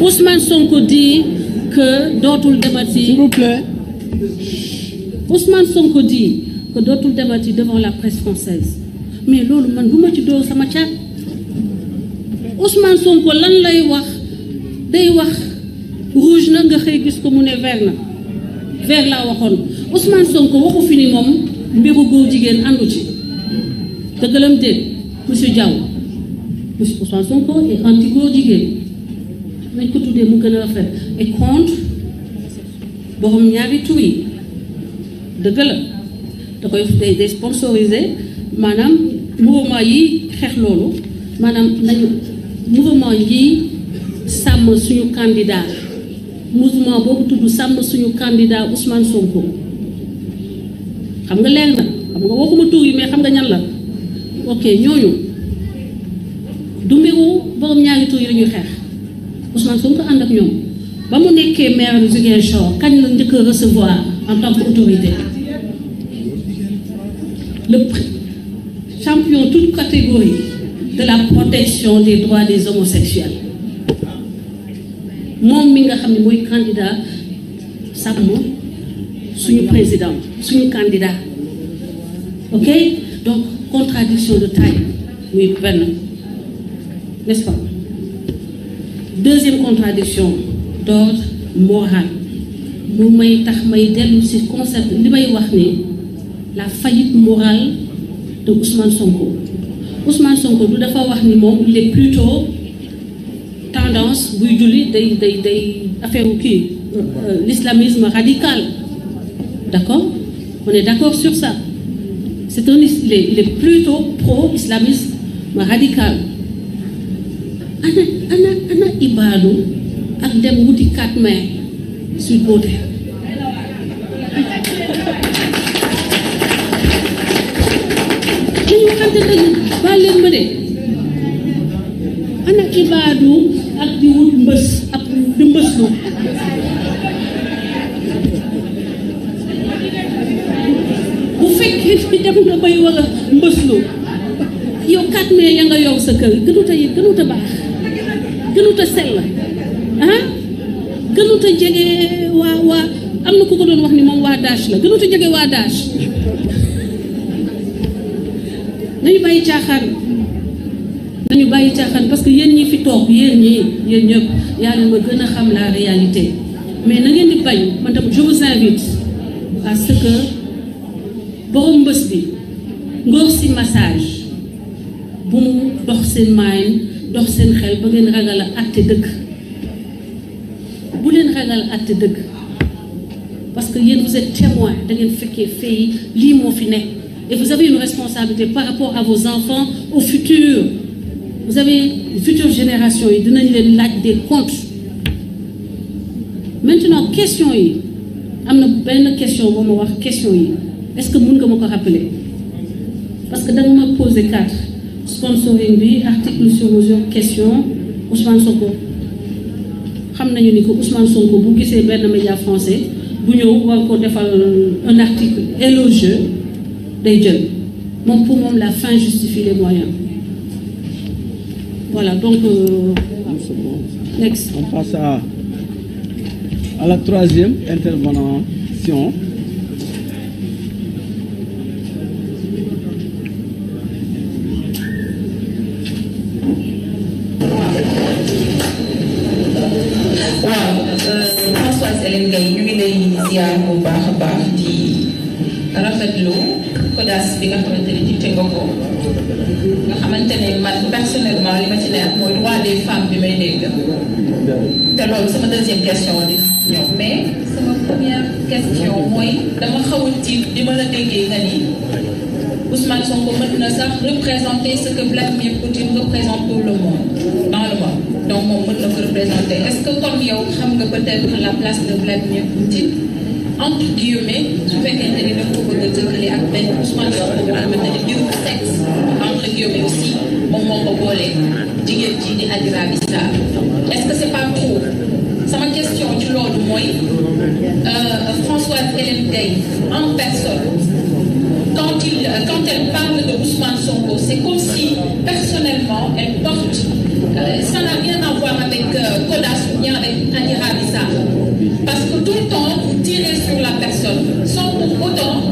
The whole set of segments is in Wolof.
Ousmane Sonko dit que dootul demati. Sonko dit dootul demati devant la presse française mais loolu man bu ci dóor sama caat Ousmane Sonko lan lay wax day wax rouge na nga xëy gis ko mu ne ver na vert laa waxoon Ousmane Sonko waxu fi ni moom mbiru góor jigéen àndu ci dëggalam déet monsieur Diaw monsieur Ousmane Sonko est anti jigéen. nañ ko tuddee mu gën a rafet ay compte boo ñaari tur yi dëgg la da koy day sponsorisé maanaam mouvement yi xeex loolu maanaam nañu mouvement yi sàmm suñu candidat mouvement boobu tudd sàmm suñu candidat Ousmane Sonko xam nga leer na xam nga waxuma tur yi mais xam nga ñan la ok ñooñu du mbiru borom ñaari tur yi la xeex Ousmane Sonko ànd ak ñoom ba mu nekkee maire Ziguinchor kañ la njëkk a recevoir en tant que autorité le champion toute catégorie de la protection des droits des homosexuels moom mi nga xam ne mooy candidat sàmm suñu président suñu candidat ok donc contradiction de taille muy benn n'est-ce pas deuxième contradiction d'ordre moral mu may tax may dellu ci concept li may wax ne la faillite morale de Ousmane Sonko Ousmane Sonko du dafa wax ni moom il est plutôt tendance buy julli day day day affaire u kii euh, l'islamisme radical d'accord on est d'accord sur ça c'est un il est, il est plutôt pro-islamisme radical ana ana ana ibaadu ak dem wuti 4 mai suite boote dañu xamte dëgg ba leen ma de ana ibaadu ak di mbës ak di mbës lu bu fekkee fi dem nga bay wala mbës lu yow 4 mai ya nga yow sa kër gënuta yi gënuta baax gënut a sell ah gënut a jege waa am na ku ko doon wax ni moom waa daaj la gënut a jege waa daaj nañu bàyyi caaxaan nañu bàyyi caaxaan parce que yéen ñi fi toog yéen ñii yéen ñëpp yàlla ma gën a xam la réalité mais na ngeen di bañ man tam je vous invite à ce que mbës bi ngóor si massage bu mu dox seen maayin dox seen xel ba ngeen ragal a àtte dëgg bu leen ragal àtte dëgg parce que yéen vous êtes témoin da fekkee fee yi lii moo fi nekk et vous avez une responsabilité par rapport à vos enfants au futur vous avez future génération yi dinañ leen laaj de comptes maintenant question yi am na na question boo ma wax question yi est-ce que mun nga ma ko rappeler parce que da ma poser quatre sponsoring bi article sur mesure question Ousmane Sonko xam nañu ni ko Ousmane Sonko bu gisee benn média français bu ñëw war ko defal un article élogieux day jël moom pour moom la fin justifie les moyens voilà donc. Euh, next. On passe à, la troisième intervention. Hélène Gaye ñu ngi lay ziar bu baax a baax di rafetlu CODAS bi nga xamante ne jiite nga ko nga xamante ne man personnellement li ma mooy droit des femmes bi may dégg te loolu sama deuxième question di ñëw mais sama première question mooy dama xaw a tiit bi ma la déggee nga ni Ousmane Sonko mën na sax représenter ce que Vladimir Poutine représente pour le monde. moom moom mën na ko représenter est-ce que comme yow xam nga peut-être la place de Vladimir Poutine entre guillemets su fekkente ni daf ko bëgg a jëkkale ak benn Ousmane Sonko boobu nga xamante ni mbirum sexe entre guillemets aussi moom moo ko boole jigéen ji di Adji Raby Sarr est-ce que c'est pas trop sama question ci loolu mooy euh, Françoise Hélène Gaye en personne quand il quand elle parle de Ousmane Sonko c'est comme si personnellement elle porte Euh, ça n'a rien à voir avec Kodas ou bien avec Anira Rissa parce que la personne sans pour autant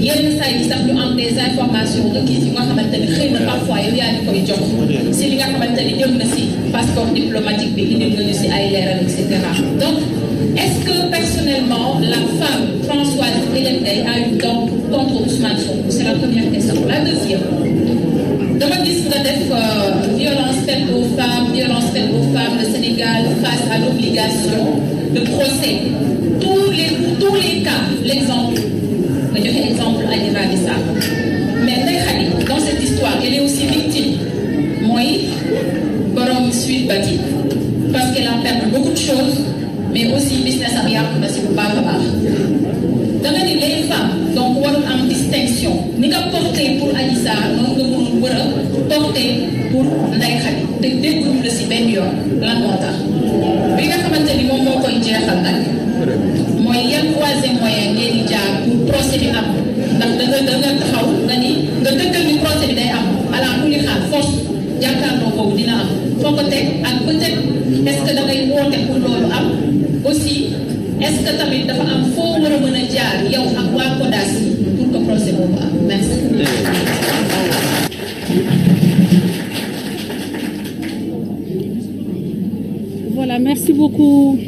yenn saa yi sax ñu am des informations requises yi nga xamante ni xëy na parfois yow yaa ngi koy jox si li nga xamante ni bi indil nañu si ay leeral et cetera donc est-ce que personnellement la a une dent contre Ousmane Sonko c'est la première question la deuxième. dama gis nga def euh, violence faite aux femmes violence faite aux femmes le Sénégal face à l'obligation de procès tous les tous les cas l'exemple nga joxe exemple Adji Raby Sarr mais Ndeye Khady dans cette histoire elle est aussi victime mooy borom Sweet Beauty parce qu'elle a perdu beaucoup de choses mais aussi business am yàqu na si bu a baax war a toog tey pour Ndey Xadi te la si benn yoon lan moo tax bi nga xamante ni moom moo koy jeexal nag mooy yan troisième moyen ngeen di jaar pour procès bi am ndax da nga da nga taxaw nga ni nga dina am foo ko teg ak peut-être est-ce que loolu am aussi est tamit dafa am foo war a mën a jaar yow ak waa CODAS Merci beaucoup,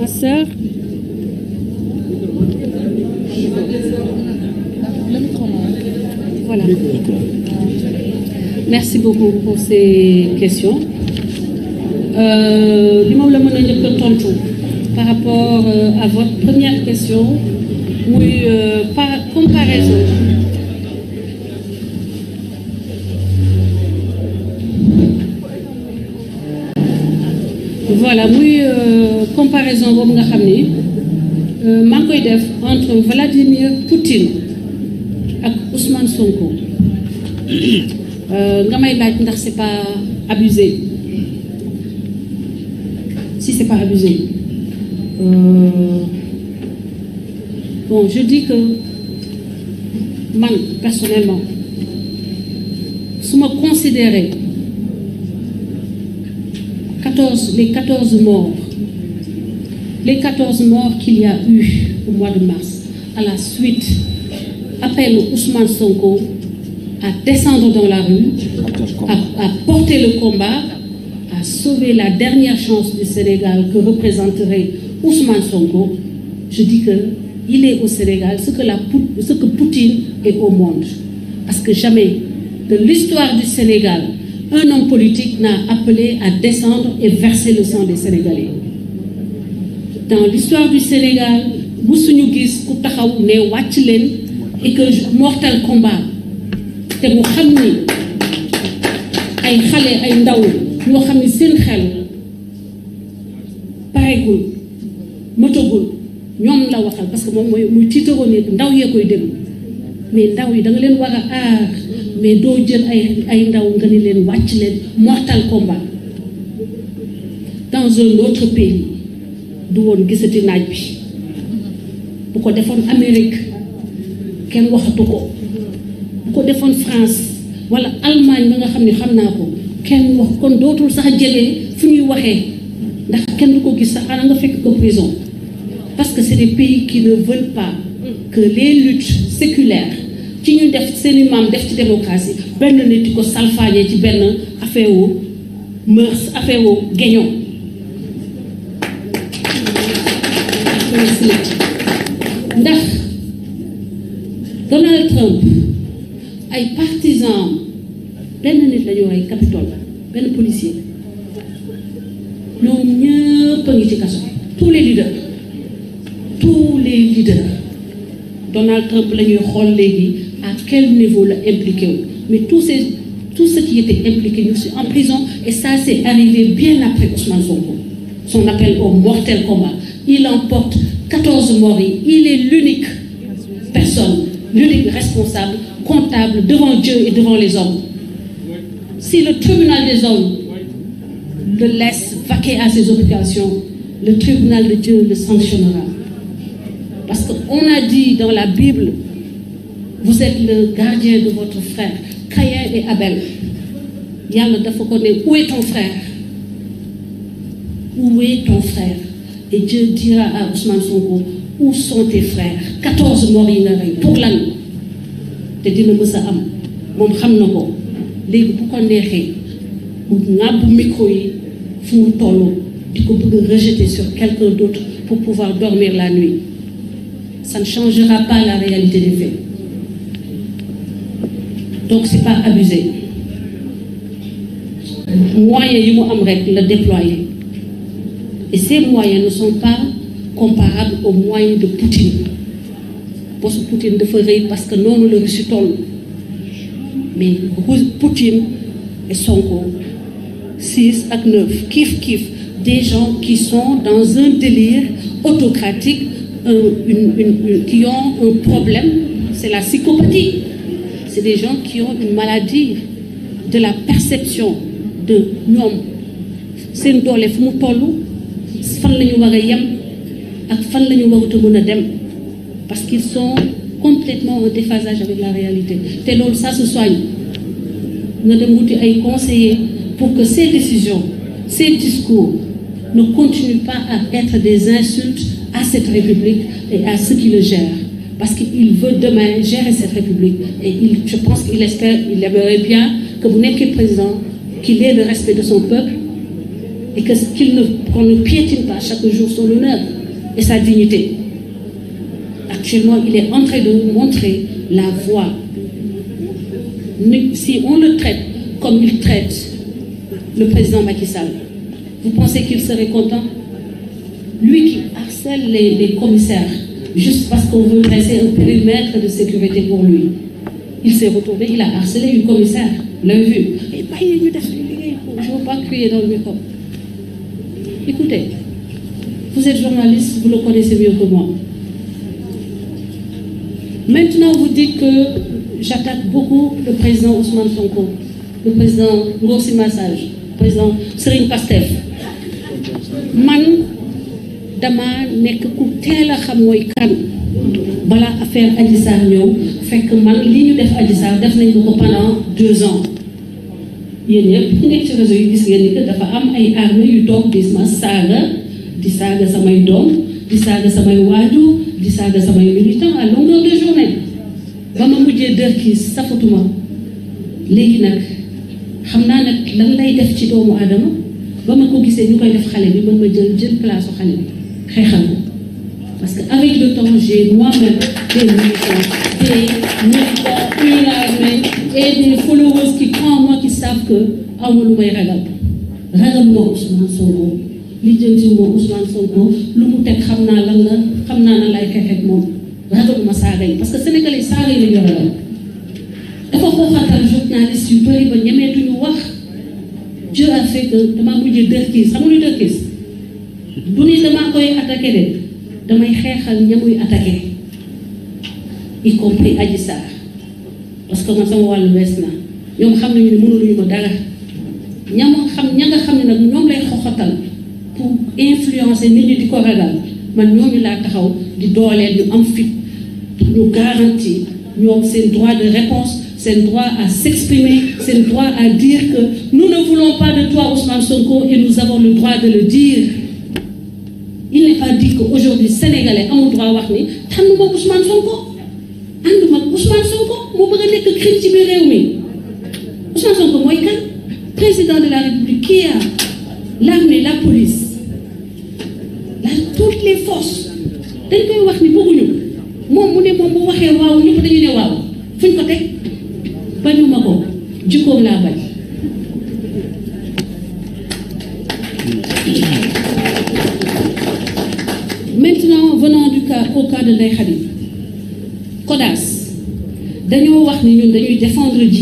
ma sœur. Merci beaucoup pour ces questions. Euh, li moom la mën a njëkk a par rapport euh, à votre première question muy euh, par comparaison voilà muy euh, comparaison boobu nga xam ni euh, maa ngi koy def entre Vladimir Poutine ak Ousmane Sonko euh, nga may laaj ndax c'est pas abusé si c'est pas abusé je di que man personnellement su ma considérer 14, les 14 morts, les qu'il y a eu au mois de mars, à la suite, appelle Ousmane Sonko à descendre dans la rue, à, porter le combat, à sauver la dernière chance du Sénégal que représenterait Ousmane Sonko, je dis que est au Sénégal ce que, la, ce que Poutine est au monde. Parce que jamais de l'histoire du Sénégal, un homme politique n'a appelé à descendre et verse le sang des Sénégalais dans l'histoire du Sénégal suñu gis ku taxaw ne wàcc leen et que mortal combat te mu xam ni ay xale ay ndaw ñoo xam ni seen xel paregul mëtagul ñoom la waxal parce que moom mooy muy tiitaroo ne ndaw yee koy dem mais ndaw yi danga leen war a aar mais doo jël ay ay ndaw nga ne leen wàcc leen mortal combat dans un autre pays du woon gisati naaj bi bu ko defoon Amérique kenn waxatu ko bu ko defoon France wala Allemagne ba nga xam ne xam naa ko kenn wax kon dootul sax a jege fu ñuy waxee ndax kenn du ko gis sax xanaa nga fekk ko prison parce que c'est des pays qui ne veulent pas que les luttes séculaire ci ñu def seeni i maam def ci démocratie benn nit di ko salfaañee ci benn affaire wu mœurs affaire wu géño ndax Donald Trump ay partisans benn nit lañu rey Capitole benn policier ñoom ñëpp a ngi ci kaso tous les leaders tous les leaders Donald Trump la ñuy xool léegi à quel niveau la impliqué wu mais tous ces tout ce qui était impliqué ñu ngi en prison et ça c'est arrivé bien après Ousmane Sonko son appel au mortel combat il emporte 14 morts yi il est l'unique personne l'unique responsable comptable devant Dieu et devant les hommes si le tribunal des hommes le laisse vaquer à ses occupations le tribunal de Dieu le sanctionnera Parce qu'on a dit dans la Bible, vous êtes le gardien de votre frère, Caïn et Abel. Yalla dafa ko ne où est ton frère Où est ton frère Et Dieu dira à Ousmane Sonko où sont tes frères 14 morts yi nga rey pour lan te dina mës am moom xam na ko léegi bu ko neexee mu ŋàbbu micro yi fu mu toll di ko bëgg rejeter sur quelqu'un d'autre pour pouvoir dormir la nuit ça ne changera pas la réalité des faits. Donc c'est pas abusé. moyens yi mu am la déployer et ces moyens ne sont pas comparables aux moyens de Poutine parce que Poutine dafa rëy parce que noonu la Russie toll mais Poutine et Sonko six ak neuf kiif kiif des gens qui sont dans un délire autocratique un, une, une, qui ont un problème, c'est la psychopathie. C'est des gens qui ont une maladie de la perception de ñoom seen doole fu mu toll fan la ñu war yem ak fan la ñu warut a a dem parce qu'ils sont complètement en déphasage avec la réalité te loolu sa se soigne nga dem wuti ay conseillers pour que ces décisions ces discours ne continuent pas à être des insultes cette République et à ceux qui le gèrent. Parce qu'il veut demain gérer cette République. Et il, je pense qu'il espère, il aimerait bien que vous n'êtes que président, qu'il ait le respect de son peuple et qu'on qu ne, qu ne piétine pas chaque jour son honneur et sa dignité. Actuellement, il est en train de nous montrer la voie. Si on le traite comme il traite le président Macky Sall, vous pensez qu'il serait content Lui qui a seuls les, les commissaires, juste parce qu'on veut dresser un périmètre de sécurité pour lui. Il s'est retourné, il a harcelé une commissaire, l'a vu. je ne pas crier dans le micro. Écoutez, vous êtes journaliste, vous le connaissez mieux que Maintenant, vous dites que j'attaque beaucoup le président Ousmane Sonko, le président Ngoursi Massage, le président Serine Pastef. dama nekk ku teel a xam mooy kan balaa affaire Adji Sarr ñëw fekk man li ñu def Adji Sarr def nañ ko pendant deux ans yéen ñëpp ñu nekk ci gis ngeen ni que dafa am ay arme yu toog di ma saaga di saaga samay doom di saaga samay waaju di saaga samay militant à longueur de journée ba ma mujjee dër kii safatuma léegi nag xam naa ne lan lay def ci doomu aadama ba ma ko gisee ñu koy def xale bi man ma jël jël place u xale bi xeexal ko parce que avec le temps j'ai moi-même des militants des militants unis et des followers qui croient en moi qui savent que amul lu may ragal ragal ma Ousmane Sonko li jëm ci moom Ousmane Sonko lu mu teg xam naa lan la xam naa na lay xeexeek moom ragaluma saaga yi parce que sénégalais saaga yi la ñu ragal dafa xooxatal journaliste yu bëri ba ñemeetuñu wax Dieu a fait que damaa mujj dër kiis xam nga lu dër kiis du ni dama koy attaqué de damay xeexal ña muy attaqué y compris Adji parce que man sama wàllu wees na ñoom xam nañu ne mënuluñu ma dara ña ma xam ña nga xam ne nag ñoom lay xoxatal pour influencer nit ñi di ko ragal man ñooñu laa taxaw di dooleel ñu am fit ñu garanti ñoom seen droit de réponse seen droit à seen droit à dire que nous ne voulons pas de toi Ousmane Sonko et nous avons le droit de le dire il n'est pas dit que aujourd'hui sénégalais amul droit wax ni tànn moom Ousmane Sonko ànduma ak Ousmane Sonko moo bëgg a nekk crime ci biir réew mi Ousmane Sonko mooy kan président de la République a l'armée la police la toutes les forces dañ koy wax ni bëgguñu moom mu ne moom bu waxee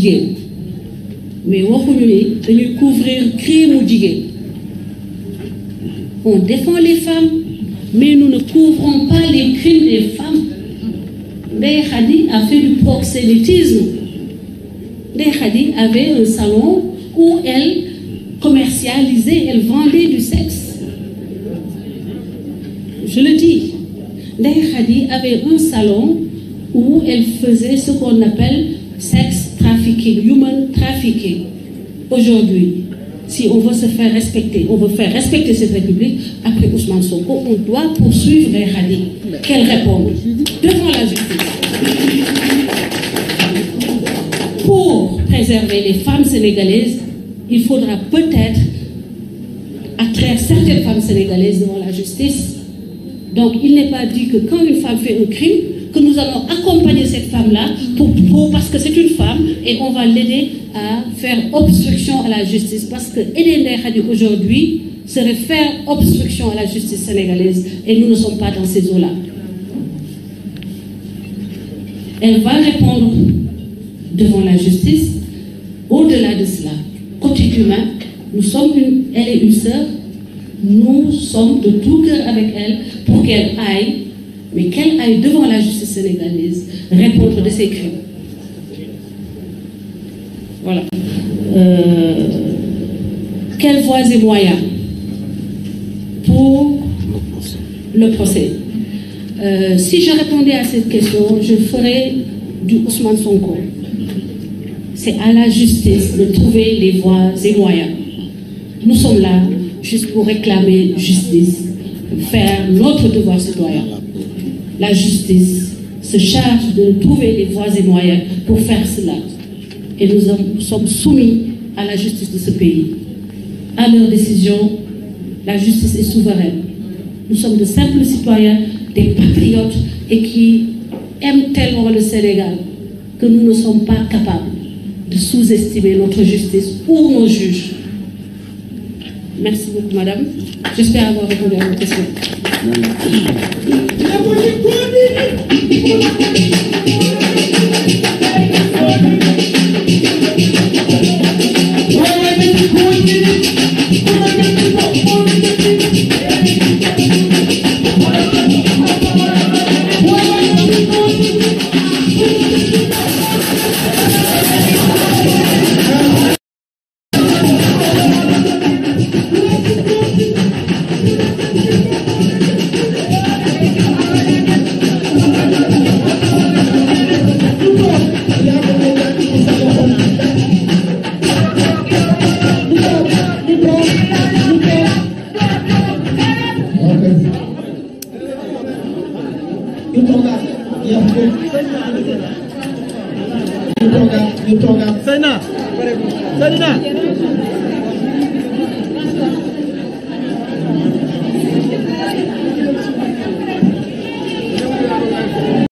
jigéen mais waxuñu ni dañuy couvrir crime mu jigéen on défend les femmes mais nous ne couvrons pas les crimes des femmes Ndeye Khady a fait du proxénétisme Ndeye Khady avait un salon où elle commercialisait elle vendait du sexe je le dis Ndeye Khady avait un salon où elle faisait ce qu'on appelle trafficking, human trafficking. Aujourd'hui, si on veut se faire respecter, on veut faire respecter cette République, après Ousmane Sonko, on doit poursuivre les rallyes. Qu'elle réponde devant la justice. Pour préserver les femmes sénégalaises, il faudra peut-être attraire certaines femmes sénégalaises devant la justice. il n'est pas dit que quand une femme fait un crime, nous allons accompagner cette femme-là pour, pour, parce que c'est une femme et on va l'aider à faire obstruction à la justice. Parce que Eden aujourd'hui serait faire obstruction à la justice sénégalaise et nous ne sommes pas dans ces eaux-là. Elle va répondre devant la justice. Au-delà de cela, côté nous sommes de tout cœur avec elle pour qu'elle aille mais qu'elle aille devant la justice sénégalaise répondre de ses crimes. Euh, quelles voies et moyens pour le procès euh, Si je répondais à cette question, je ferais du Ousmane Sonko. C'est à la justice de trouver les voies et moyens. Nous sommes là juste pour réclamer justice, faire notre devoir citoyen. la justice se charge de trouver les voies et moyens pour faire cela. Et nous sommes soumis à la justice de ce pays. À leurs décisions, la justice est souveraine. Nous sommes de simples citoyens, des patriotes et qui aiment tellement le Sénégal que nous ne sommes pas capables de sous-estimer notre justice ou nos juges. Merci beaucoup, madame. J'espère avoir répondu à vos questions. Merci.